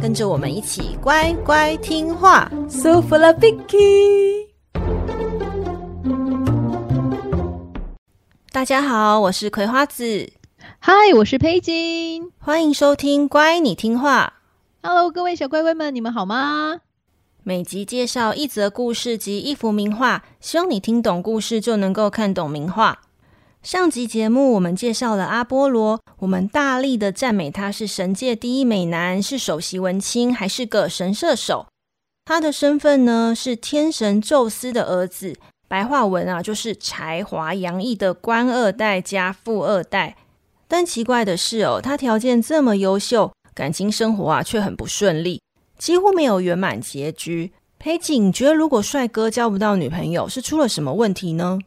跟着我們一起乖乖聽話，舒服了，k 奇。大家好，我是葵花子。嗨，我是佩金，歡迎收聽《乖，你聽畫》。Hello，各位小乖乖們，你們好嗎？每集介紹一則故事及一幅名畫，希望你聽懂故事就能夠看懂名畫。上集節目我們介紹了阿波羅，我們大力的讚美他是神界第一美男，是首席文青，還是個神射手。他的身份呢是天神宙斯的兒子，白話文啊就是才華洋溢的官二代加富二代。但奇怪的是哦，他條件這麼優秀，感情生活啊卻很不順利，幾乎沒有圓滿結局。裴景，覺得如果帥哥交不到女朋友，是出了什麼問題呢？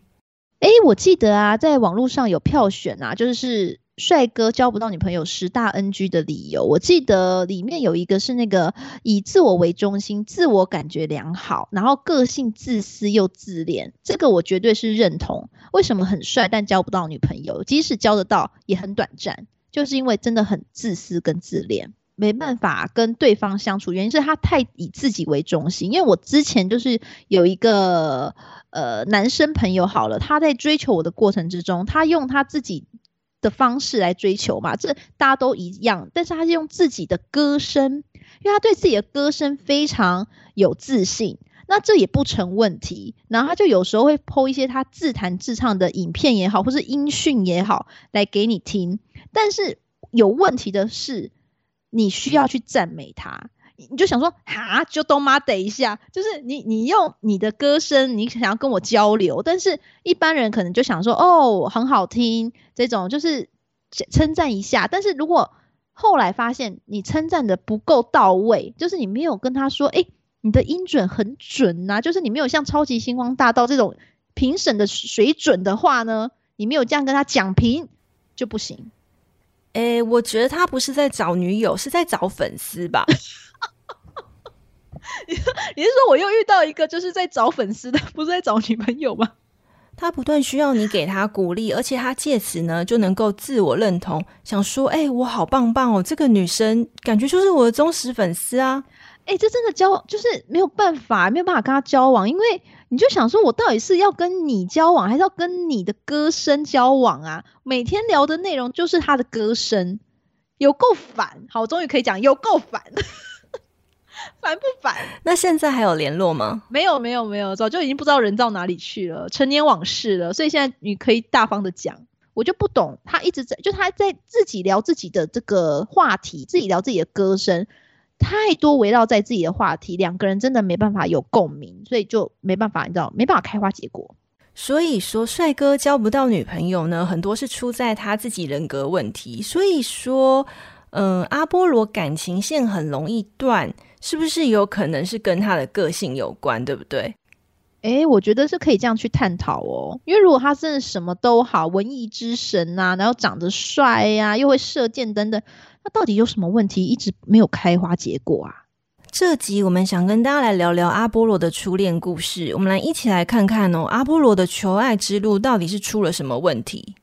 哎、欸，我記得啊，在網絡上有票選啊，就是帥哥交不到女朋友十大 NG 的理由。我記得裡面有一個是那個以自我為中心，自我感覺良好，然後個性自私又自戀。這個我絕對是認同。為什麼很帥但交不到女朋友？即使交得到，也很短暫，就是因為真的很自私跟自戀。沒辦法跟對方相處，原因是他太以自己為中心。因為我之前就是有一個呃男生朋友，好了，他在追求我的過程之中，他用他自己的方式來追求嘛，這大家都一樣。但是，他是用自己的歌聲，因為他對自己的歌聲非常有自信，那這也不成問題。然後，他就有時候會 PO 一些他自彈自唱的影片也好，或是音訊也好來給你聽。但是，有問題的是，你需要去讚美他，你就想說啊，就都嘛等一下，就是你你用你的歌聲，你想要跟我交流，但是一般人可能就想說哦，很好聽，這種就是稱讚一下。但是如果後來發現你稱讚的不夠到位，就是你沒有跟他說，誒、欸，你的音準很準吶、啊，就是你沒有像超級星光大道這種評審的水準的話呢，你沒有這樣跟他講評就不行。哎、欸，我覺得他不是在找女友，是在找粉絲吧？ 你是說我又遇到一個就是在找粉絲的，不是在找女朋友嗎？他不斷需要你給他鼓勵，而且他借此呢就能夠自我認同，想說：“欸，我好棒棒哦！”這個女生感覺就是我的忠實粉絲啊！欸，這真的交，就是沒有辦法，沒有辦法跟他交往，因為，你就想說，我到底是要跟你交往，還是要跟你的歌聲交往啊？每天聊的內容就是他的歌聲，有夠煩。好，我終於可以講有夠煩， 煩不煩？那現在還有聯絡嗎？沒有，沒有，沒有，早就已經不知道人到哪裡去了，陳年往事了。所以現在你可以大方的講，我就不懂，他一直在，就他在自己聊自己的這個話題，自己聊自己的歌聲。太多圍繞在自己的話題，兩個人真的沒辦法有共鳴，所以就沒辦法，你知道，沒辦法開花結果。所以說，帥哥交不到女朋友呢，很多是出在他自己人格問題。所以說，嗯、呃，阿波羅感情線很容易斷，是不是有可能是跟他的個性有關，對不對？哎，我覺得是可以這樣去探討哦，因為如果他真的什麼都好，文藝之神啊，然後長得帥呀、啊，又會射箭等等。那到底有什麼問題一直沒有開花結果啊？這集我們想跟大家來聊聊阿波羅的初戀故事，我們來一起來看看哦，阿波羅的求愛之路到底是出了什麼問題？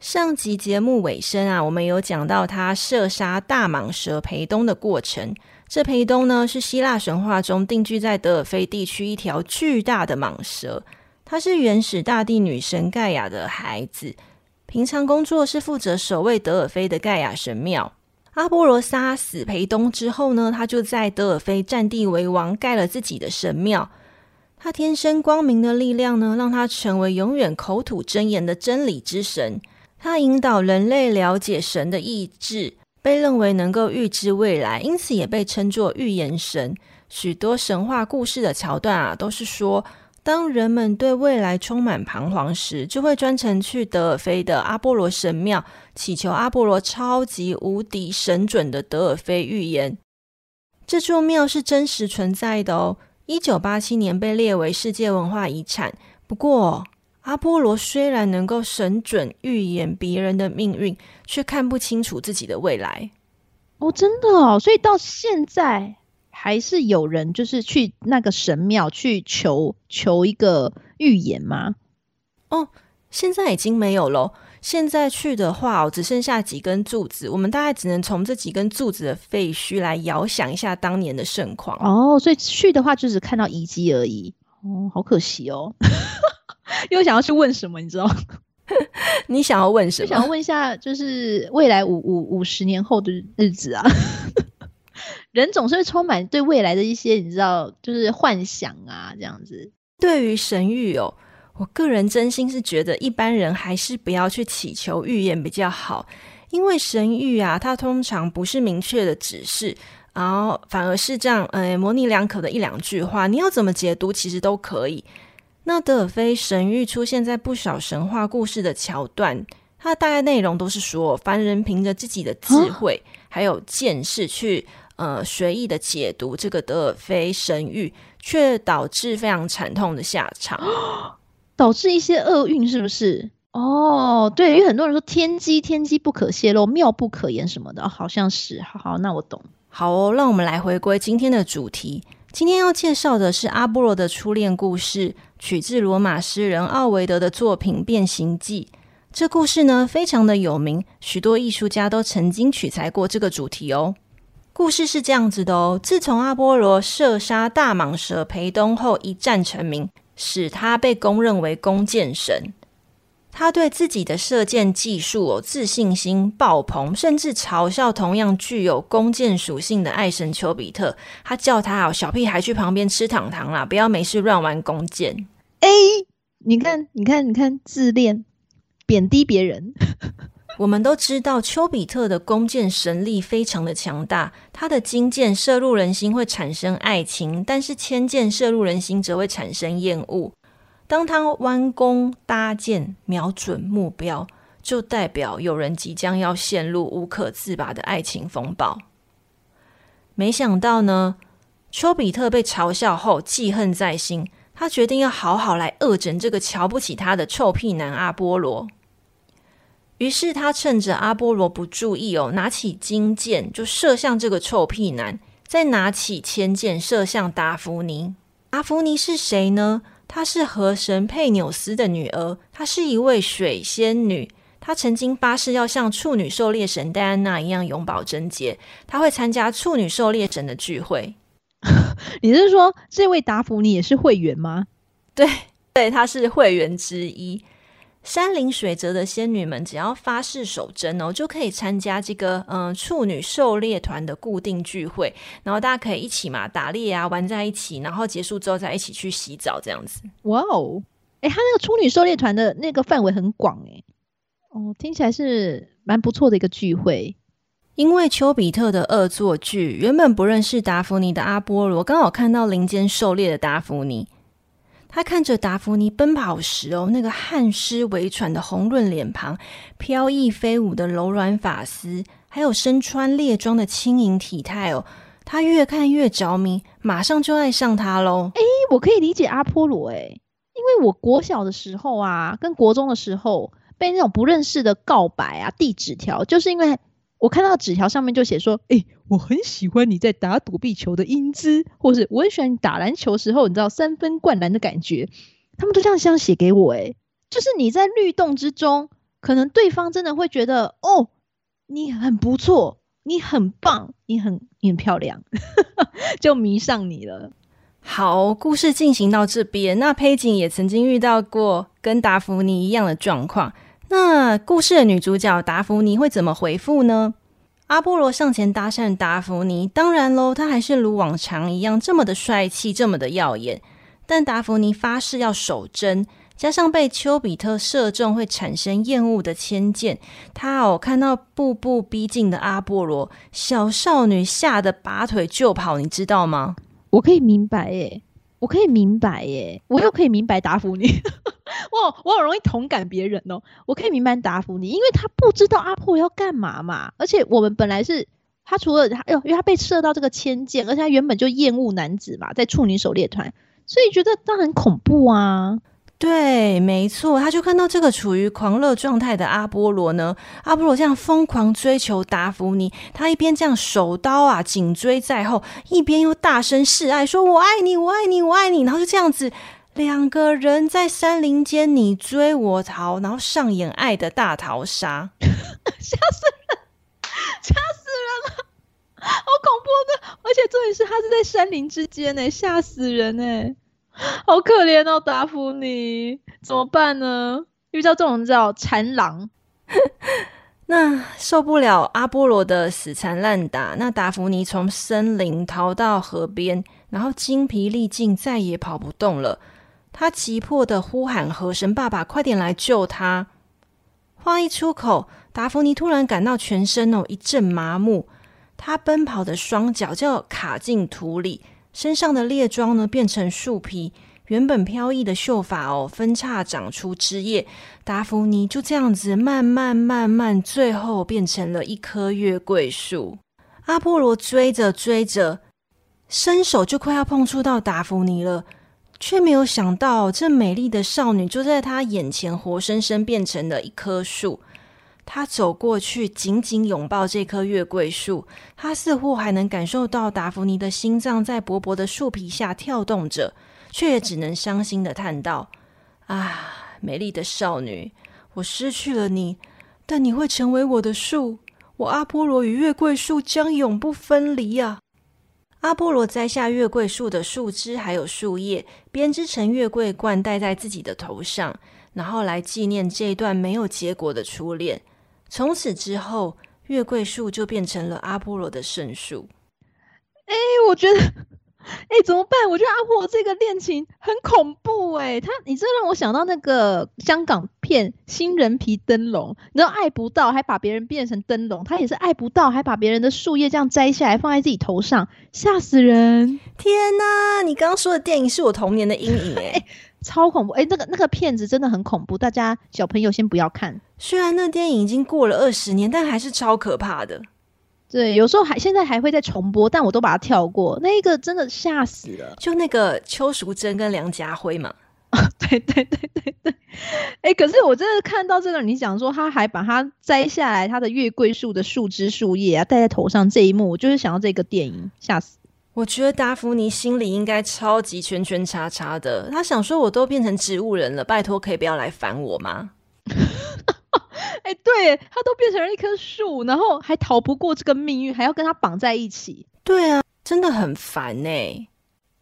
上集節目尾聲啊，我們有講到他射殺大蟒蛇培東的過程，這培東呢是希臘神話中定居在德爾菲地區一條巨大的蟒蛇，它是原始大地女神蓋亞的孩子。平常工作是負責守衛德爾菲的蓋亞神廟。阿波羅殺死裴東之後呢，他就在德爾菲占地為王，蓋了自己的神廟。他天生光明的力量呢，讓他成為永遠口吐真言的真理之神。他引導人類了解神的意志，被認為能夠預知未來，因此也被稱作預言神。許多神話故事的橋段啊，都是說。當人們對未來充滿彷徨時，就會專程去德爾菲的阿波羅神廟，祈求阿波羅超級無敵神準的德爾菲預言。這座廟是真實存在的哦，一九八七年被列為世界文化遺產。不過，阿波羅雖然能夠神準預言別人的命運，卻看不清楚自己的未來。哦，真的哦，所以到現在。還是有人就是去那個神廟去求求一個預言嗎？哦，現在已經沒有了。現在去的話，哦，我只剩下幾根柱子，我們大概只能從這幾根柱子的廢墟來遙想一下當年的盛況。哦，所以去的話就只看到遺跡而已。哦，好可惜哦。 又想要去問什麼？你知道？ 你想要問什麼？我想要問一下，就是未來五五五十年後的日子啊。 人總是會充滿對未來的一些，你知道，就是幻想啊，這樣子。對於神諭哦、喔，我個人真心是覺得一般人還是不要去祈求預言比較好，因為神諭啊，它通常不是明確的指示，然後反而是這樣，哎、欸，模棱兩可的一兩句話，你要怎麼解讀其實都可以。那德爾菲神諭出現在不少神話故事的橋段，它大概內容都是說，凡人憑着自己的智慧、啊、還有見識去。呃，隨意的解讀這個德爾菲神諭，卻導致非常慘痛的下場，導致一些厄運，是不是？哦、oh，對，因為很多人說天機天機不可泄露，妙不可言什麼的，oh, 好像是。好，好，那我懂。好哦，讓我們來回歸今天的主題。今天要介紹的是阿波羅的初戀故事，取自羅馬詩人奧維德的作品《變形記》。這故事呢，非常的有名，許多藝術家都曾經取材過這個主題哦。故事是這樣子的哦，自從阿波羅射殺大蟒蛇培東後，一戰成名，使他被公認為弓箭神。他對自己的射箭技術、哦、自信心爆棚，甚至嘲笑同樣具有弓箭屬性的愛神丘比特。他叫他、哦、小屁孩去旁邊吃糖糖啦，不要沒事亂玩弓箭。哎、欸，你看，你看，你看，自戀，貶低別人。 我們都知道，丘比特的弓箭神力非常的強大。他的金箭射入人心會產生愛情，但是鉛箭射入人心則會產生厭惡。當他彎弓搭箭，瞄準目標，就代表有人即將要陷入無可自拔的愛情風暴。沒想到呢，丘比特被嘲笑後記恨在心，他決定要好好來惡整這個瞧不起他的臭屁男阿波羅。於是他趁着阿波羅不注意哦，拿起金箭就射向這個臭屁男，再拿起鉛箭射向達芙妮。達芙妮是誰呢？她是河神佩紐斯的女兒，她是一位水仙女。她曾經發誓要像處女狩獵神戴安娜一樣永保貞潔。她會參加處女狩獵神的聚會。 你是說這位達芙妮也是會員嗎？對，對，她是會員之一。山林水澤的仙女們，只要發誓守貞哦，就可以參加這個嗯處女狩獵團的固定聚會。然後大家可以一起嘛打獵啊，玩在一起，然後結束之後再一起去洗澡這樣子。哇哦，哎，他那個處女狩獵團的那個範圍很廣誒。哦，聽起來是蠻不錯的一個聚會。因為丘比特的惡作劇，原本不認識達芙妮的阿波羅，我剛好看到林間狩獵的達芙妮。他看着達芙妮奔跑時哦，那個汗濕微喘的紅潤臉龐，飄逸飛舞的柔軟髮絲，還有身穿獵裝的輕盈體態哦，他越看越着迷，馬上就愛上她嘍。誒、欸、我可以理解阿波羅誒、欸、因為我國小的時候啊，跟國中的時候被那種不認識的告白啊遞紙條，就是因為我看到紙條上面就寫說，誒、欸我很喜歡你在打躲避球的英姿，或是我很喜歡你打籃球的時候，你知道三分灌籃的感覺。他們都這樣想寫給我欸，哎，就是你在律動之中，可能對方真的會覺得哦，你很不錯，你很棒，你很你很漂亮， 就迷上你了。好，故事進行到這邊，那佩景也曾經遇到過跟達芙妮一樣的狀況。那故事的女主角達芙妮會怎麼回復呢？阿波羅上前搭訕達芙妮，當然嘍，他還是如往常一樣這麼的帥氣，這麼的耀眼。但達芙妮發誓要守貞，加上被丘比特射中會產生厭惡的偏見，她，哦，看到步步逼近的阿波羅，小少女嚇得拔腿就跑，你知道嗎？我可以明白耶。我可以明白耶，我又可以明白達芙妮。 我我很容易同感別人哦。我可以明白達芙妮，因為他不知道阿波要幹嘛嘛。而且我們本來是，他除了他，喲，因為他被射到這個鉛箭，而且他原本就厭惡男子嘛，在處女狩獵團，所以覺得他很恐怖啊。對，沒錯，他就看到這個處於狂熱狀態的阿波羅呢，阿波羅這樣瘋狂追求達芙妮，他一邊這樣手刀啊緊追在後，一邊又大聲示愛，說我愛你，我愛你，我愛你，然後就這樣子，兩個人在山林間你追我逃，然後上演愛的大逃殺，嚇死人，嚇死人了，好恐怖的，而且重點是他是在山林之間呢，嚇死人哎。好可憐哦，達芙妮怎麼辦呢？遇到這種人叫豺狼， 那受不了阿波羅的死纏爛打。那達芙妮從森林逃到河邊，然後精疲力盡，再也跑不動了。他急迫地呼喊河神爸爸，快點來救他！話一出口，達芙妮突然感到全身哦一陣麻木，他奔跑的雙腳就要卡進土裡。身上的獵裝呢，變成樹皮，原本飄逸的秀髮哦，分叉長出枝葉。達芙妮就這樣子，慢慢慢慢，最後變成了一棵月桂樹。阿波羅追着追着，伸手就快要碰觸到達芙妮了，卻沒有想到，這美麗的少女就在他眼前活生生變成了一棵樹。他走過去，緊緊擁抱這棵月桂樹。他似乎還能感受到達芙妮的心臟在薄薄的樹皮下跳動着，卻也只能傷心的嘆道：“啊，美麗的少女，我失去了你，但你會成為我的樹，我阿波羅與月桂樹將永不分離啊！”阿波羅摘下月桂樹的樹枝還有樹葉，編織成月桂冠戴在自己的頭上，然後來紀念這一段沒有結果的初戀。從此之後，月桂樹就變成了阿波羅的聖樹。哎、欸，我覺得，哎、欸，怎麼辦？我覺得阿波羅這個戀情很恐怖、欸。哎，他，你這讓我想到那個香港片《新人皮燈籠》，你知道愛不到，還把別人變成燈籠；他也是愛不到，還把別人的樹葉這樣摘下來放在自己頭上，嚇死人！天哪、啊，你剛剛說的電影是我童年的陰影、欸。 超恐怖！哎、欸，那個那個片子真的很恐怖，大家小朋友先不要看。雖然那電影已經過了二十年，但還是超可怕的。對，有時候還現在還會再重播，但我都把它跳過。那一個真的嚇死了，就那個邱淑貞跟梁家輝嘛、哦。對對對對對，哎、欸，可是我真的看到這個，你講說他還把它摘下來，他的月桂樹的樹枝樹葉啊戴在頭上，這一幕我就是想要這個電影，嚇死。我覺得達芙妮心裡應該超級圈圈叉叉的。他想說，我都變成植物人了，拜托可以不要來煩我嗎？哎、 欸，對，他都變成了一棵樹，然後還逃不過這個命運，還要跟他綁在一起。對啊，真的很煩哎。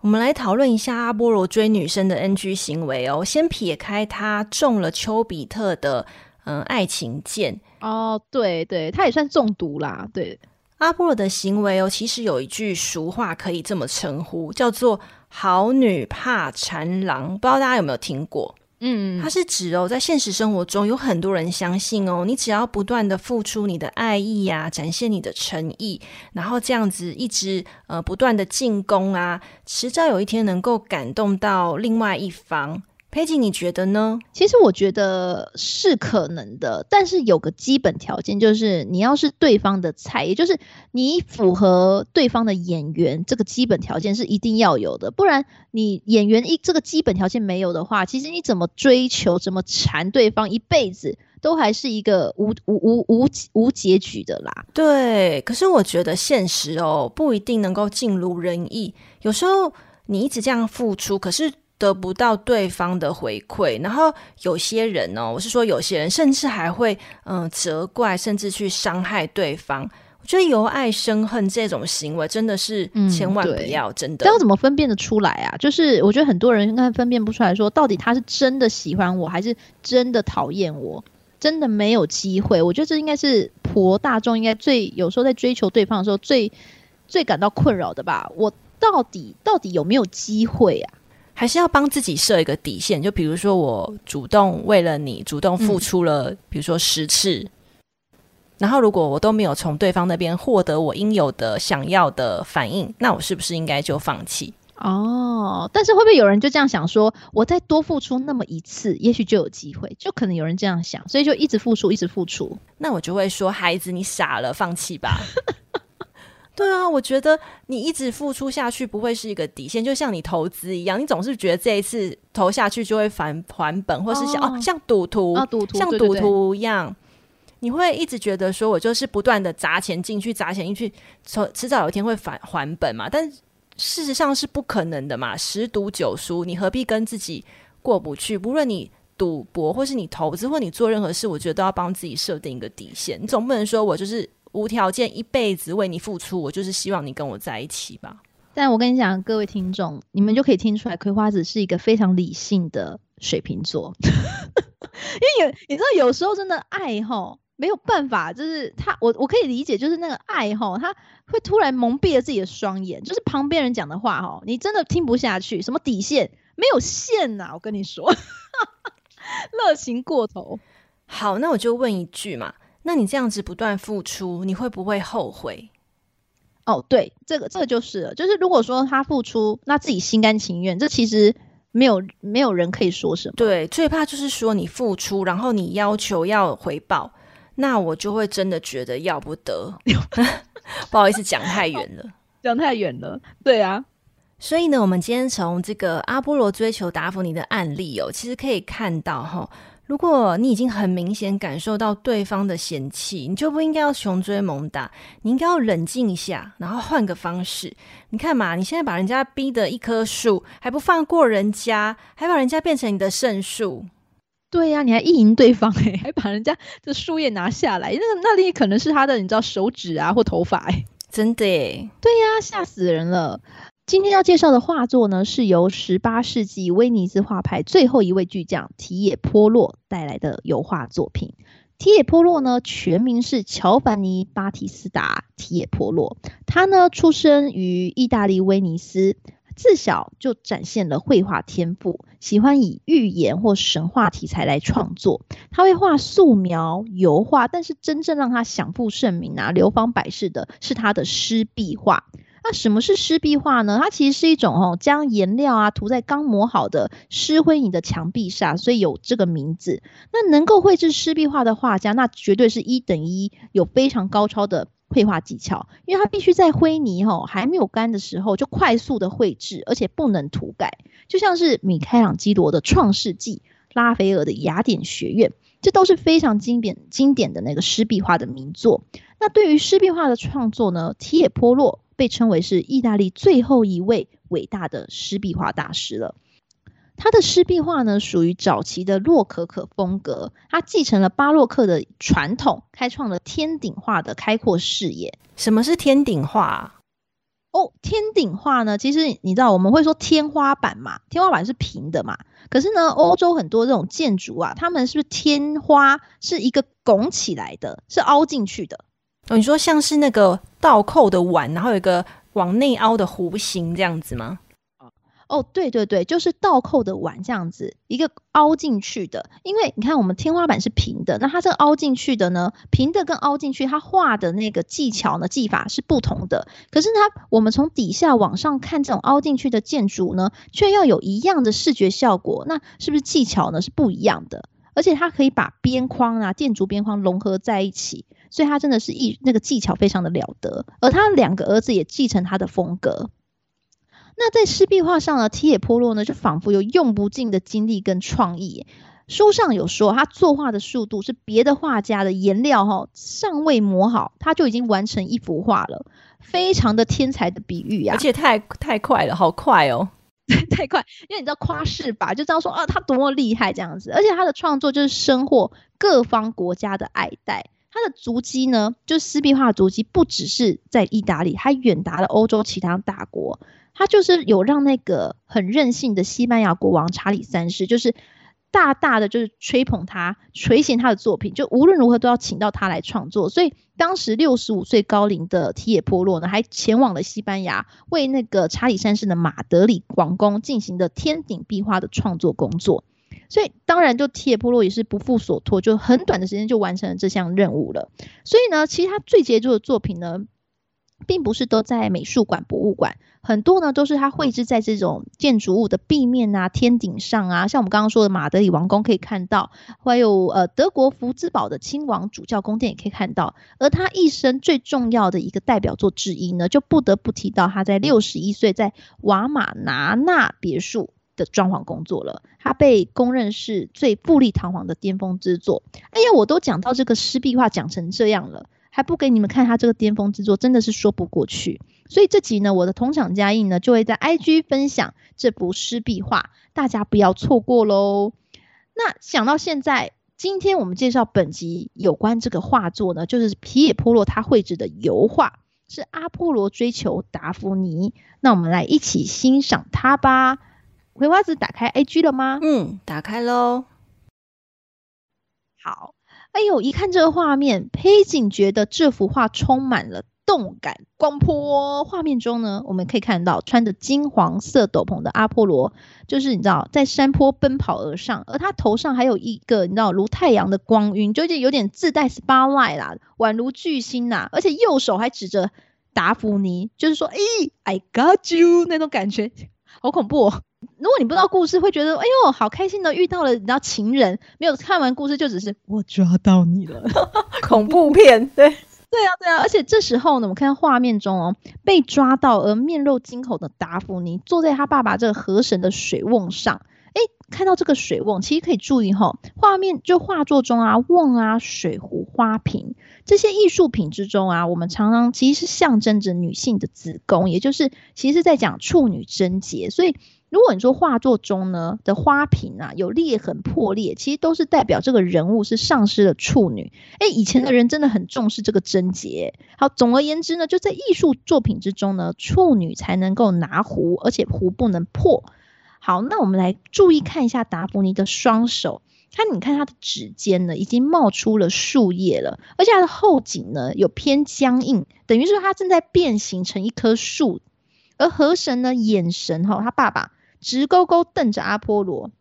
我們來討論一下阿波羅追女生的 NG 行為哦。先撇開他中了丘比特的嗯、呃、愛情箭哦，對對，他也算中毒啦，對。阿波羅的行為哦，其實有一句俗話可以這麼稱呼，叫做“好女怕纏郎”，不知道大家有沒有聽過？嗯，它是指哦，在現實生活中有很多人相信哦，你只要不斷的付出你的愛意啊，展現你的誠意，然後這樣子一直呃不斷的進攻啊，遲早有一天能夠感動到另外一方。黑吉，你覺得呢？其實我覺得是可能的，但是有個基本條件，就是你要是對方的菜，也就是你符合對方的眼緣，這個基本條件是一定要有的。不然，你眼緣一這個基本條件沒有的話，其實你怎麼追求，怎麼纏對方一輩子，都還是一個無無無無無結局的啦。對，可是我覺得現實哦、喔，不一定能夠盡如人意。有時候你一直這樣付出，可是得不到對方的回饋，然後有些人呢、喔，我是說有些人甚至還會嗯、呃、責怪，甚至去傷害對方。我覺得由愛生恨這種行為真的是千萬不要，嗯、真的要怎麼分辨得出來啊？就是我覺得很多人應該分辨不出來說，到底他是真的喜歡我還是真的討厭我，真的沒有機會。我覺得這應該是婆大眾應該最有時候在追求對方的時候最最感到困擾的吧？我到底到底有沒有機會啊？還是要幫自己設一個底線，就比如說我主動為了你主動付出了，比如說十次，嗯，然後如果我都沒有從對方那邊獲得我應有的想要的反應，那我是不是應該就放棄？哦，但是會不會有人就這樣想說，我再多付出那麼一次，也許就有機會？就可能有人這樣想，所以就一直付出，一直付出。那我就會說，孩子，你傻了，放棄吧。 對啊，我覺得你一直付出下去不會是一個底線，就像你投資一樣，你總是覺得這一次投下去就會返還本，或是想、oh. 哦像賭徒、啊、賭徒像賭徒一樣，對對對，你會一直覺得說我就是不斷的砸錢進去，砸錢進去，從遲早有一天會返還本嘛？但事實上是不可能的嘛，十賭九輸，你何必跟自己過不去？不論你賭博或是你投資，或你做任何事，我覺得都要幫自己設定一個底線，你總不能說我就是。無條件一輩子為你付出，我就是希望你跟我在一起吧。但我跟你講，各位聽眾，你們就可以聽出來，葵花子是一個非常理性的水瓶座。 因為你，你知道，有時候真的愛吼沒有辦法，就是他，我我可以理解，就是那個愛吼，他會突然蒙蔽了自己的雙眼，就是旁邊人講的話，哈，你真的聽不下去，什麼底線沒有線吶、啊？我跟你說，熱 情過頭。好，那我就問一句嘛。那你這樣子不斷付出，你會不會後悔？哦，對，這個這個就是了，就是如果說他付出，那自己心甘情願，這其實沒有沒有人可以說什麼。對，最怕就是說你付出，然後你要求要回報，那我就會真的覺得要不得。 不好意思，講太遠了，講 太遠了。對啊，所以呢，我們今天從這個阿波羅追求達芙妮的案例哦、喔，其實可以看到哈。如果你已經很明顯感受到對方的嫌棄，你就不應該要窮追猛打，你應該要冷靜一下，然後換個方式。你看嘛，你現在把人家逼得一棵樹，還不放過人家，還把人家變成你的聖樹。對呀，你還意淫對方，還把人家的樹葉拿下來，那那裡可能是他的，你知道手指啊或頭髮？哎，真的耶？對呀，嚇死人了。今天要介紹的畫作呢，是由十八世紀威尼斯畫派最後一位巨匠提也波洛帶來的油畫作品。提也波洛呢，全名是喬凡尼巴提斯達提也波洛。他呢，出生於意大利威尼斯，自小就展現了繪畫天賦，喜歡以寓言或神話題材來創作。他會畫素描、油畫，但是真正讓他享負盛名啊、流芳百世的是他的濕壁畫。那什麼是濕壁畫呢？它其實是一種哦，將顏料啊塗在剛抹好的濕灰泥的牆壁上，所以有這個名字。那能夠繪製濕壁畫的畫家，那絕對是一等一，有非常高超的繪畫技巧，因為他必須在灰泥哈、哦、還沒有乾的時候就快速的繪製，而且不能塗改。就像是米開朗基羅的《創世紀》，拉斐爾的《雅典學院》，這都是非常經典經典的那個濕壁畫的名作。那對於濕壁畫的創作呢，提也波洛。被稱為是意大利最後一位偉大的濕壁畫大師了。他的濕壁畫呢，屬於早期的洛可可風格，他繼承了巴洛克的傳統，開創了天頂畫的開闊視野。什麼是天頂畫啊？哦，天頂畫呢？其實你知道，我們會說天花板嘛，天花板是平的嘛。可是呢，歐洲很多這種建築啊，他們是不是天花是一個拱起來的，是凹進去的？哦，你說像是那個倒扣的碗，然後有一個往內凹的弧形這樣子嗎？哦，哦，對對對，就是倒扣的碗這樣子，一個凹進去的。因為你看我們天花板是平的，那它這個凹進去的呢，平的跟凹進去，它畫的那個技巧呢，技法是不同的。可是呢，我們從底下往上看這種凹進去的建築呢，卻要有一樣的視覺效果，那是不是技巧呢，是不一樣的？而且它可以把邊框啊，建築邊框融合在一起。所以他真的是一，那個技巧非常的了得，而他兩個兒子也繼承他的風格。那在濕壁畫上呢，提也波洛呢就仿佛有用不盡的精力跟創意。書上有說，他作畫的速度是別的畫家的顏料哈尚未磨好，他就已經完成一幅畫了，非常的天才的比喻呀、啊！而且太太快了，好快哦， 太快！因為你知道誇飾吧，就這樣說啊，他多麼厲害這樣子，而且他的創作就是深獲各方國家的愛戴。他的足跡呢，就是濕壁畫的足跡不只是在意大利，還遠達了歐洲其他大國。他就是有讓那個很任性的西班牙國王查理三世，就是大大的就是吹捧他，垂涎他的作品，就無論如何都要請到他來創作。所以當時六十五歲高齡的提也波洛呢，還前往了西班牙，為那個查理三世的馬德里王宮進行的天頂壁畫的創作工作。所以當然，就提也波洛也是不負所託，就很短的時間就完成了這項任務了。所以呢，其實他最傑作的作品呢，並不是都在美術館、博物館，很多呢都是他繪制在這種建築物的壁面啊、天頂上啊。像我們剛剛說的馬德里王宮可以看到，還有呃德國福茲堡的親王主教宮殿也可以看到。而他一生最重要的一個代表作之一呢，就不得不提到他在六十一歲在瓦馬拿納別墅的裝潢工作了，他被公認是最富麗堂皇的巔峰之作。哎呀，我都講到這個濕壁畫講成這樣了，還不給你們看他這個巔峰之作，真的是說不過去。所以這集呢，我的同場加映呢就會在 IG 分享這幅濕壁畫，大家不要錯過嘍。那講到現在，今天我們介紹本集有關這個畫作呢，就是提也波洛他繪制的油畫，是阿波羅追求達芙妮。那我們來一起欣賞他吧。葵花子打開 IG 了嗎？嗯，打開嘍。好，哎呦，一看這個畫面，佩錦覺得這幅畫充滿了動感。光波畫面中呢，我們可以看到穿着金黃色斗篷的阿波羅，就是你知道在山坡奔跑而上，而他頭上還有一個你知道如太陽的光暈，就有點自帶 spotlight 啦，宛如巨星吶，而且右手還指着達芙妮，就是說，哎、欸、I got you 那種感覺，好恐怖。哦。如果你不知道故事，會覺得哎呦好開心的遇到了，你知道情人沒有看完故事，就只是我抓到你了。 恐怖片，恐怖，對對啊對啊，而且這時候呢，我們看畫面中哦，被抓到而面露驚恐的達芙妮坐在她爸爸這個河神的水甕上，哎，看到這個水甕，其實可以注意哈、哦，畫面就畫作中啊，甕啊、水壺、花瓶這些藝術品之中啊，我們常常其實是象徵着女性的子宮，也就是其實是在講處女貞潔，所以。如果你說畫作中呢的花瓶啊有裂痕破裂，其實都是代表這個人物是喪失的處女。哎、欸，以前的人真的很重視這個貞潔、欸。好，總而言之呢，就在藝術作品之中呢，處女才能夠拿壺，而且壺不能破。好，那我們來注意看一下達芙妮的雙手，他，你看她的指尖呢已經冒出了樹葉了，而且她的後頸呢有偏僵硬，等於說她正在變形成一棵樹。而河神呢，眼神哈，他爸爸。直勾勾瞪着阿波羅。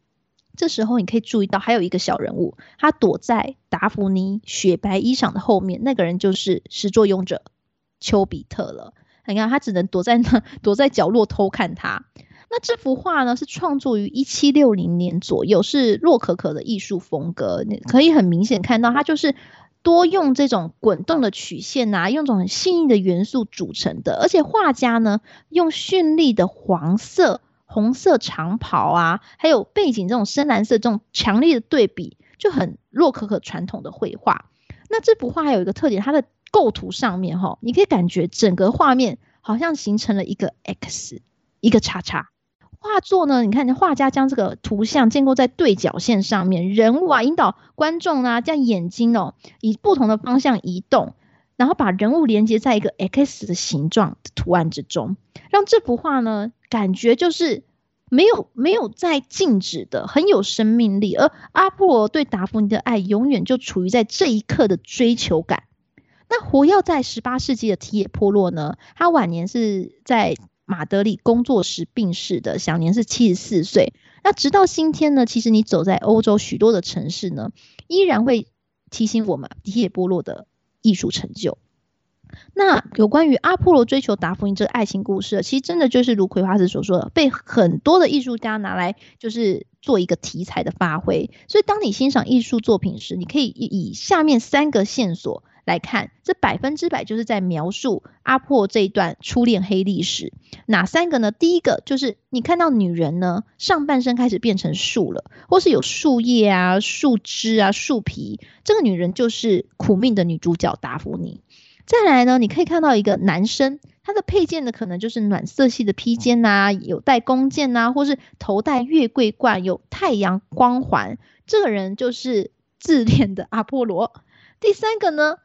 這時候你可以注意到，還有一個小人物，他躲在達芙妮雪白衣裳的後面。那個人就是始作俑者丘比特了。你看，他只能躲在那，躲在角落偷看他。那這幅畫呢，是創作於一七六零年左右，是洛可可的藝術風格。你可以很明顯看到，他就是多用這種滾動的曲線啊，用這種很細膩的元素組成的。而且畫家呢，用絢麗的黃色，紅色長袍啊，還有背景這種深藍色，這種強烈的對比就很洛可可傳統的繪畫。那這幅畫還有一個特點，它的構圖上面哈、哦，你可以感覺整個畫面好像形成了一個 X，一個叉叉。畫作呢，你看，畫家將這個圖像建構在對角線上面，人物啊引導觀眾啊，將眼睛哦以不同的方向移動，然後把人物連接在一個 X 的形狀的圖案之中，讓這幅畫呢。感覺就是沒有沒有在靜止的，很有生命力。而阿波羅對達芙妮的愛，永遠就處於在這一刻的追求感。那活躍在十八世紀的提也波洛呢，他晚年是在馬德里工作時病逝的，享年是七十四歲。那直到今天呢，其實你走在歐洲許多的城市呢，依然會提醒我們提也波洛的藝術成就。那有關於阿波羅追求達芙妮這個愛情故事，其實真的就是如葵花子所說的，被很多的藝術家拿來就是做一個題材的發揮。所以，當你欣賞藝術作品時，你可以以下面三個線索來看，這百分之百就是在描述阿波羅這一段初戀黑歷史。哪三個呢？第一個就是你看到女人呢，上半身開始變成樹了，或是有樹葉啊、樹枝啊、樹皮，這個女人就是苦命的女主角達芙妮。再來呢，你可以看到一個男生，他的配件呢可能就是暖色系的披肩啊，有帶弓箭啊，或是頭戴月桂冠，有太陽光環。這個人就是自戀的阿波羅。第三個呢，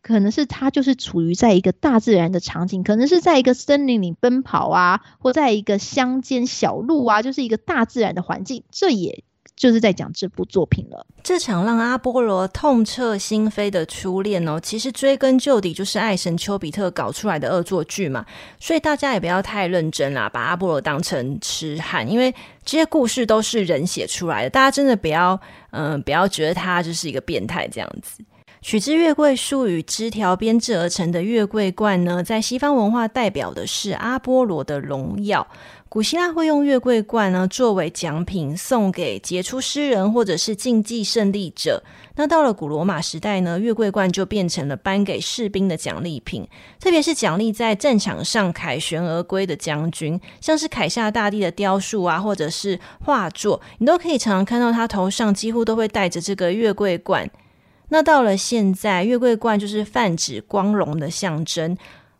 可能是他就是處於在一個大自然的場景，可能是在一個森林裡奔跑啊，或在一個鄉間小路啊，就是一個大自然的環境，這也。就是在講這部作品了。這場讓阿波羅痛徹心扉的初戀哦，其實追根究底就是愛神丘比特搞出來的惡作劇嘛。所以大家也不要太認真啦，把阿波羅當成痴漢，因為這些故事都是人寫出來的，大家真的不要嗯、呃，不要覺得他就是一個變態這樣子。取之月桂樹與枝條編制而成的月桂冠呢，在西方文化代表的是阿波羅的榮耀。古希臘會用月桂冠呢作為獎品送給傑出詩人或者是競技勝利者。那到了古羅馬時代呢，月桂冠就變成了頒給士兵的獎勵品，特別是獎勵在戰場上凱旋而歸的將軍。像是凱撒大帝的雕塑啊，或者是畫作，你都可以常常看到他頭上幾乎都會戴着這個月桂冠。那到了現在，月桂冠就是泛指光榮的象徵。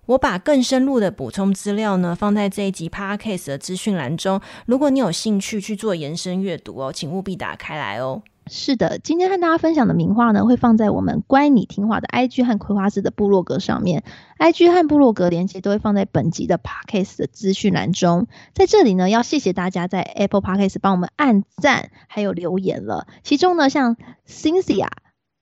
我把更深入的補充資料呢，放在這一集 Podcast 的資訊欄中，如果你有興趣去做延伸閱讀哦，請務必打開來哦。是的，今天和大家分享的名畫呢，會放在我們乖你聽畫的 IG 和葵花子的部落格上面，IG 和部落格連接都會放在本集的 Podcast 的資訊欄中。在這裡呢，要謝謝大家在 Apple Podcast 幫我們按讚還有留言了。其中呢，像 Cynthia。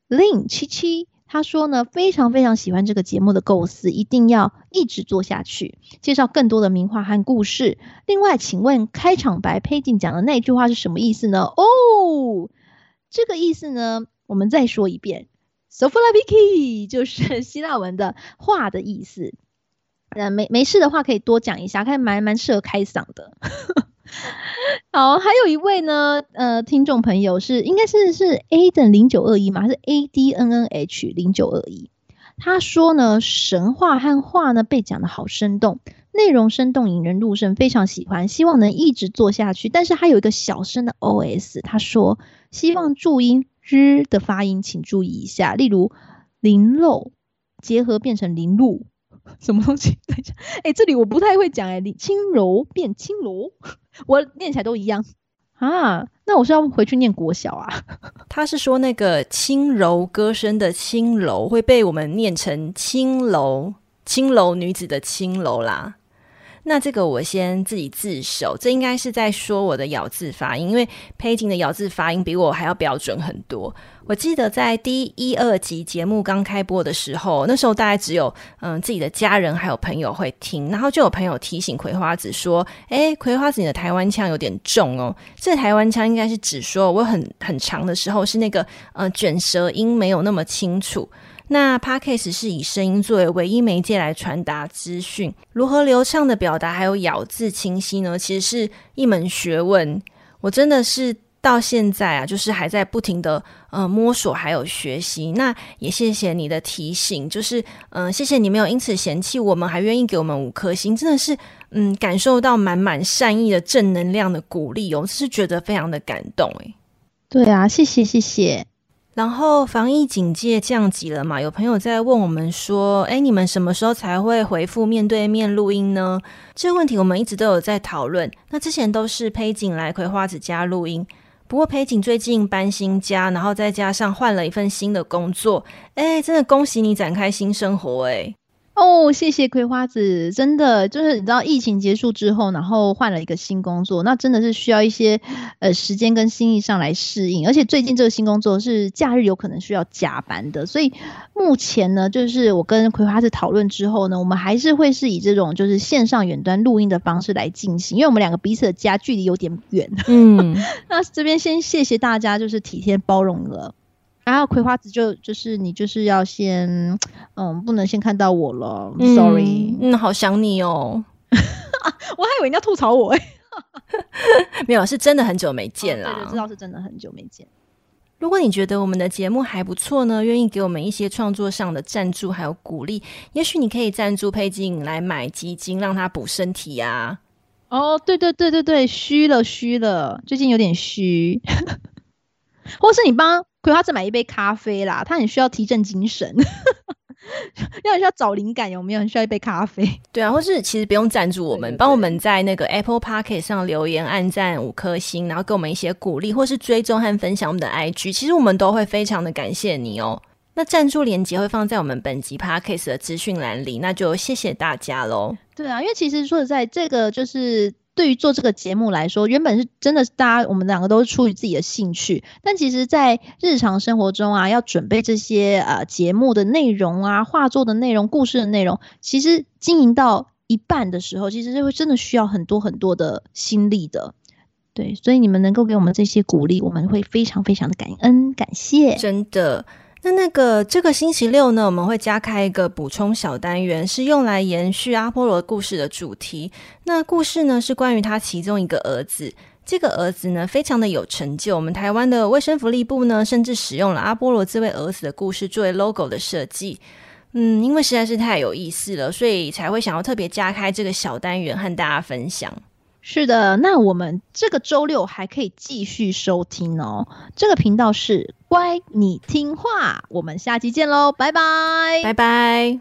林七七他說呢，非常非常喜歡這個節目的構思，一定要一直做下去，介紹更多的名畫和故事。另外，請問開場白佩靜講的那句話是什麼意思呢？哦，這個意思呢，我們再說一遍，sofalaiki 就是希臘文的“話”的意思。呃、嗯，沒沒事的話可以多講一下，看蠻蠻適合開嗓的。 好，還有一位呢，呃，聽眾朋友是應該是是 A D N 零九二一嘛，是 A D N N H 零九二一。他說呢，神話和話呢被講得好生動，內容生動，引人入勝，非常喜歡，希望能一直做下去。但是他有一個小聲的 O S，他說希望注音日的發音，請注意一下，例如零漏結合變成零露。什麼東西？等一下。哎、欸，這裡我不太會講，哎、欸，你輕柔變青樓，我念起來都一樣啊。那我是要回去念國小啊。他是說那個輕柔歌聲的輕柔會被我們念成青樓，青樓女子的青樓啦。那這個我先自己自首，這應該是在說我的咬字發音，因為佩錦的咬字發音比我還要標準很多。我記得在第一二集節目剛開播的時候，那時候大概只有嗯自己的家人還有朋友會聽，然後就有朋友提醒葵花子說：“誒，葵花子你的台灣腔有點重哦。”這台灣腔應該是指說我很很長的時候，是那個嗯卷舌音沒有那麼清楚。那 Podcast 是以聲音作為唯一媒介來傳達資訊，如何流暢的表達，還有咬字清晰呢？其實是一門學問。我真的是到現在啊，就是還在不停的呃摸索，還有學習。那也謝謝你的提醒，就是嗯、呃，謝謝你沒有因此嫌棄我們，還願意給我們五顆星，真的是嗯，感受到滿滿善意的正能量的鼓勵我、哦、真是覺得非常的感動誒。對啊，謝謝謝謝。然後防疫警戒降級了嘛？有朋友在問我們說：“哎，你們什麼時候才會恢復面對面錄音呢？”這個問題我們一直都有在討論。那之前都是裴景來葵花子家錄音，不過裴景最近搬新家，然後再加上換了一份新的工作，哎，真的恭喜你展開新生活，哎。哦，謝謝葵花子，真的就是你知道，疫情結束之後，然後換了一個新工作，那真的是需要一些呃時間跟心意上來適應。而且最近這個新工作是假日有可能需要加班的，所以目前呢，就是我跟葵花子討論之後呢，我們還是會是以這種就是線上遠端錄音的方式來進行，因為我們兩個彼此的家距離有點遠。嗯， 那這邊先謝謝大家，就是體貼包容了。然後、啊、葵花子就就是你就是要先，嗯，不能先看到我了，嗯，sorry，嗯，好想你哦， 我還以為人家吐槽我哎 沒有，是真的很久沒見了。哦，知道是真的很久沒見。如果你覺得我們的節目還不錯呢，願意給我們一些創作上的贊助還有鼓勵，也許你可以贊助佩晶來買雞精讓他補身體呀。啊。哦，對對對對對，虛了虛了，最近有點虛， 或是你幫。葵花子買一杯咖啡啦，他很需要提振精神， 要很需要找靈感有沒有？很需要一杯咖啡。對啊，或是其實不用贊助我們，對對對，幫我們在那個 Apple Podcast 上留言、按贊五顆星，然後給我們一些鼓勵，或是追蹤和分享我們的 IG，其實我們都會非常的感謝你哦。那贊助連結會放在我們本集 Podcast 的資訊欄裡，那就謝謝大家嘍。對啊，因為其實說實在，這個就是。對於做這個節目來說，原本是真的，大家我們兩個都是出於自己的興趣。但其實，在日常生活中啊，要準備這些啊，呃，節目的內容啊，畫作的內容、故事的內容，其實經營到一半的時候，其實就會真的需要很多很多的心力的。對，所以你們能夠給我們這些鼓勵，我們會非常非常的感恩感謝，真的。那那個這個星期六呢，我們會加開一個補充小單元，是用來延續阿波羅故事的主題。那故事呢是關於他其中一個兒子，這個兒子呢非常的有成就。我們台灣的衛生福利部呢，甚至使用了阿波羅這位兒子的故事作為 logo 的設計。嗯，因為實在是太有意思了，所以才會想要特別加開這個小單元和大家分享。是的，那我們這個周六還可以繼續收聽哦。這個頻道是。乖，你聽畫，我們下期見嘍，拜拜，拜拜。